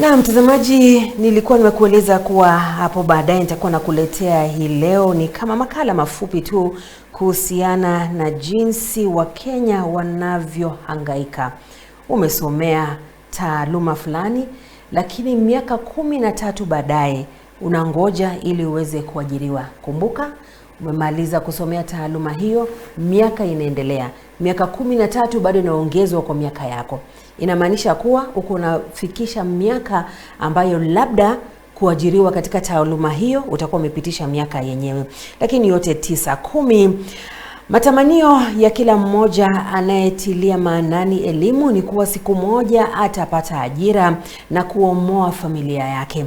Na mtazamaji, nilikuwa nimekueleza kuwa hapo baadaye nitakuwa nakuletea hii leo ni kama makala mafupi tu kuhusiana na jinsi Wakenya wanavyohangaika. Umesomea taaluma fulani, lakini miaka kumi na tatu baadaye unangoja ili uweze kuajiriwa. Kumbuka umemaliza kusomea taaluma hiyo, miaka inaendelea, miaka kumi na tatu bado inaongezwa kwa miaka yako inamaanisha kuwa uko unafikisha miaka ambayo labda kuajiriwa katika taaluma hiyo utakuwa umepitisha miaka yenyewe, lakini yote tisa kumi. Matamanio ya kila mmoja anayetilia maanani elimu ni kuwa siku moja atapata ajira na kuomoa familia yake.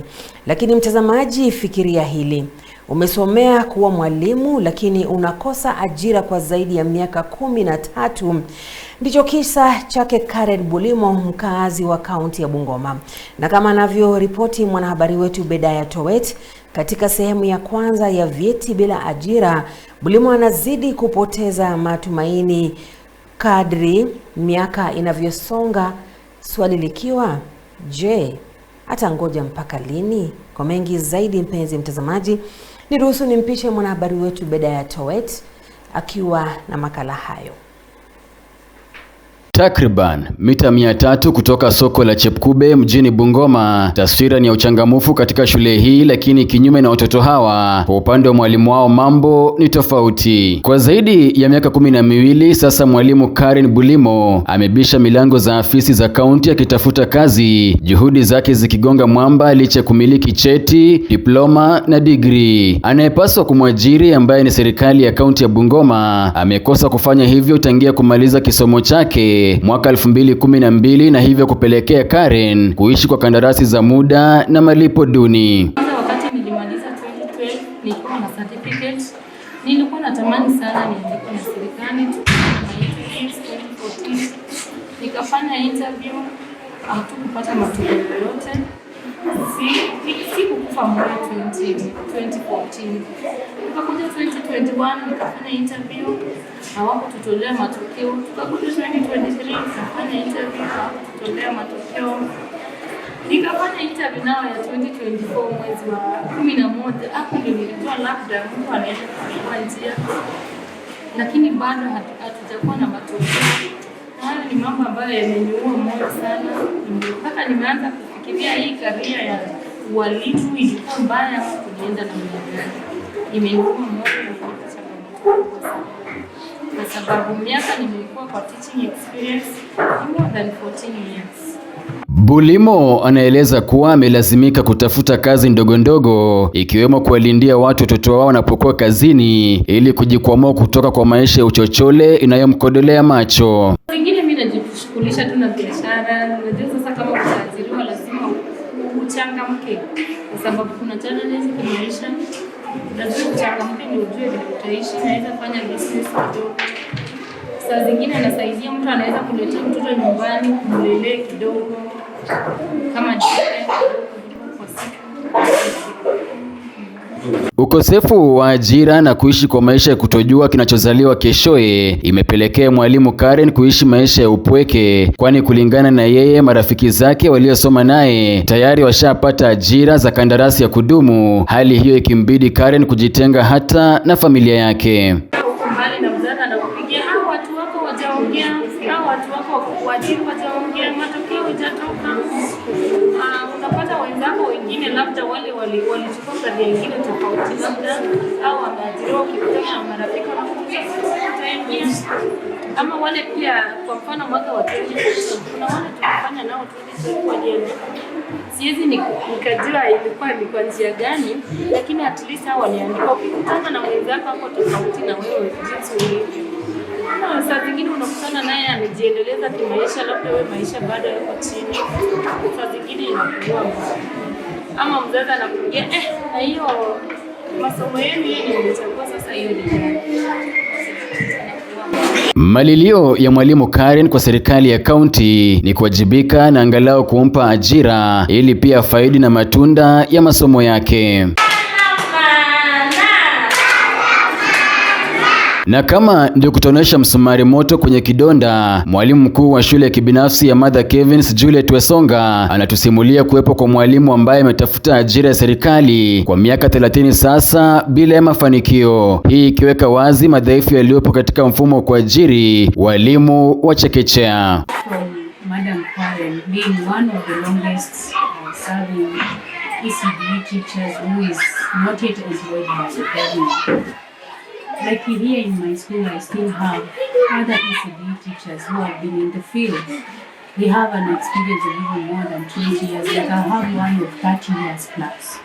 Lakini mtazamaji, fikiria hili. Umesomea kuwa mwalimu lakini unakosa ajira kwa zaidi ya miaka kumi na tatu. Ndicho kisa chake Karen Bulimo, mkaazi wa kaunti ya Bungoma, na kama anavyoripoti mwanahabari wetu Bedaya Towet. Katika sehemu ya kwanza ya vyeti bila ajira, Bulimo anazidi kupoteza matumaini kadri miaka inavyosonga, swali likiwa je, atangoja mpaka lini? Kwa mengi zaidi, mpenzi mtazamaji Niruhusu nimpishe mwanahabari wetu Bedaya Towet akiwa na makala hayo. Takriban mita mia tatu kutoka soko la Chepkube mjini Bungoma. Taswira ni ya uchangamfu katika shule hii, lakini kinyume na watoto hawa, kwa upande wa mwalimu wao mambo ni tofauti. Kwa zaidi ya miaka kumi na miwili sasa, mwalimu Karen Bulimo amebisha milango za afisi za kaunti akitafuta kazi, juhudi zake zikigonga mwamba licha ya kumiliki cheti, diploma na digrii. Anayepaswa kumwajiri ambaye ni serikali ya kaunti ya Bungoma amekosa kufanya hivyo tangia kumaliza kisomo chake mwaka 2012 na hivyo kupelekea Karen kuishi kwa kandarasi za muda na malipo duni. Wakati nilimaliza 2012 nilikuwa na certificate, nilikuwa natamani sana niandike na serikali, nikafanya interview, hatukupata matokeo yoyote sikukufa mwaka 2014 tukakuja 2021 nikafanya interview, hawakututolea matokeo. Tukakuja 2023 nikafanya interview, hawakututolea matokeo. Nikafanya interview nao ya 2024 mwezi wa kumi na moja. Hapo ndio nilijua labda mtu anaweza kufungua njia, lakini bado hatujakuwa na matokeo. Hayo ni mambo ambayo yameniua moyo sana mpaka nimeanza kufikiria hii karia ya Walitu ilikuwa mbaya au kujienda namna gani? Imeikuwa moyo kwa sababu miaka nimekuwa kwa teaching experience more than 14 years. Bulimo anaeleza kuwa amelazimika kutafuta kazi ndogo ndogo ikiwemo kuwalindia watu watoto wao wanapokuwa kazini ili kujikwamua kutoka kwa maisha ya uchochole inayomkodolea macho. Wengine mimi najishughulisha tu na biashara, najua sasa kama kuajiri Uchangamke kwa sababu kuna challenges kwa maisha, lazima uchangamke ndio ujue utaishi. Naweza fanya business kidogo, saa zingine anasaidia mtu, anaweza kuletea mtoto nyumbani, kumlelee kidogo kama Ukosefu wa ajira na kuishi kwa maisha ya kutojua kinachozaliwa keshoye imepelekea mwalimu Karen kuishi maisha ya upweke, kwani kulingana na yeye, marafiki zake waliosoma naye tayari washapata ajira za kandarasi ya kudumu, hali hiyo ikimbidi Karen kujitenga hata na familia yake. labda wale walichukua kazi nyingine tofauti, labda au wameajiriwa kikutana na marafiki ama wale pia, kwa mfano mwaka wa 2020 kuna wale tulifanya nao siwezi nikajua ilikuwa ni kwa njia gani, lakini at least hao waliandikwa. Ukikutana na mwenzako hapo tofauti na wewe jinsi ulivyo, saa zingine unakutana naye amejiendeleza kimaisha, labda wewe maisha bado yako chini, saa zingine inakuwa ama mzazi anakuambia eh, na hiyo masomo yenu yalichagua sasa hiyo ni Malilio ya mwalimu Karen kwa serikali ya kaunti ni kuwajibika na angalau kumpa ajira ili pia faidi na matunda ya masomo yake. Na kama ndio kutonesha msumari moto kwenye kidonda, mwalimu mkuu wa shule ya kibinafsi ya Mother Kevins Juliet Wesonga anatusimulia kuwepo kwa mwalimu ambaye ametafuta ajira ya serikali kwa miaka 30 sasa bila ya mafanikio, hii ikiweka wazi madhaifu yaliyopo katika mfumo wa kuajiri walimu wa chekechea. So, Like here in my school, I still have other ECD teachers who have been in the field. They have an experience of even more than 20 years. Like I have one with 30 years plus.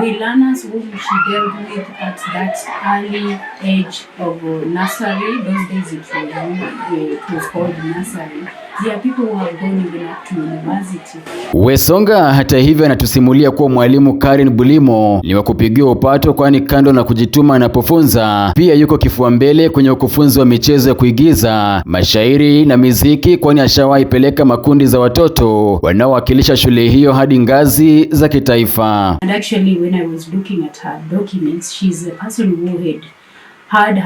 The learners whom she dealt with at that early age of nursery, those days it was, uh, it was called nursery, Wesonga hata hivyo anatusimulia kuwa mwalimu Karen Bulimo ni wa kupigiwa upato, kwani kando na kujituma anapofunza pia yuko kifua mbele kwenye ukufunzi wa michezo ya kuigiza, mashairi na miziki, kwani ashawahi peleka makundi za watoto wanaowakilisha shule hiyo hadi ngazi za kitaifa. And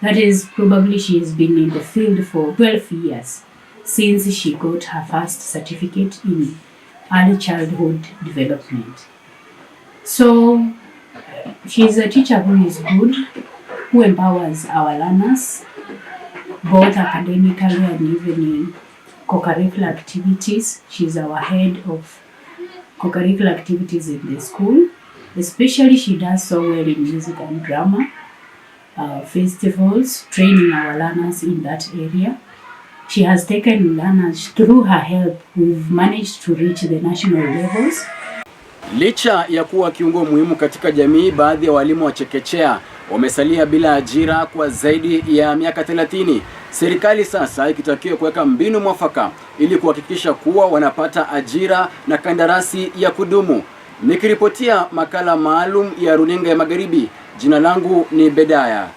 That is, probably she has been in the field for 12 years since she got her first certificate in early childhood development. So she is a teacher who is good, who empowers our learners, both academically and even in co-curricular activities. She is our head of co-curricular activities in the school. Especially she does so well in music and drama uh, festivals, training our learners in that area. She has taken learners through her help we've managed to reach the national levels. Licha ya kuwa kiungo muhimu katika jamii, baadhi ya walimu wa chekechea wamesalia bila ajira kwa zaidi ya miaka 30. Serikali sasa ikitakiwa kuweka mbinu mwafaka ili kuhakikisha kuwa wanapata ajira na kandarasi ya kudumu. Nikiripotia makala maalum ya Runinga ya Magharibi, Jina langu ni Bedaya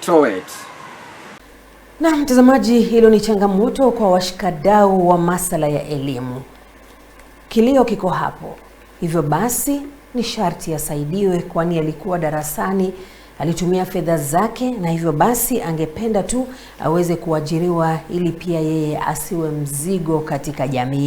Toet. Na mtazamaji, hilo ni changamoto kwa washikadau wa masala ya elimu. Kilio kiko hapo, hivyo basi ni sharti asaidiwe, kwani alikuwa darasani alitumia fedha zake, na hivyo basi angependa tu aweze kuajiriwa ili pia yeye asiwe mzigo katika jamii.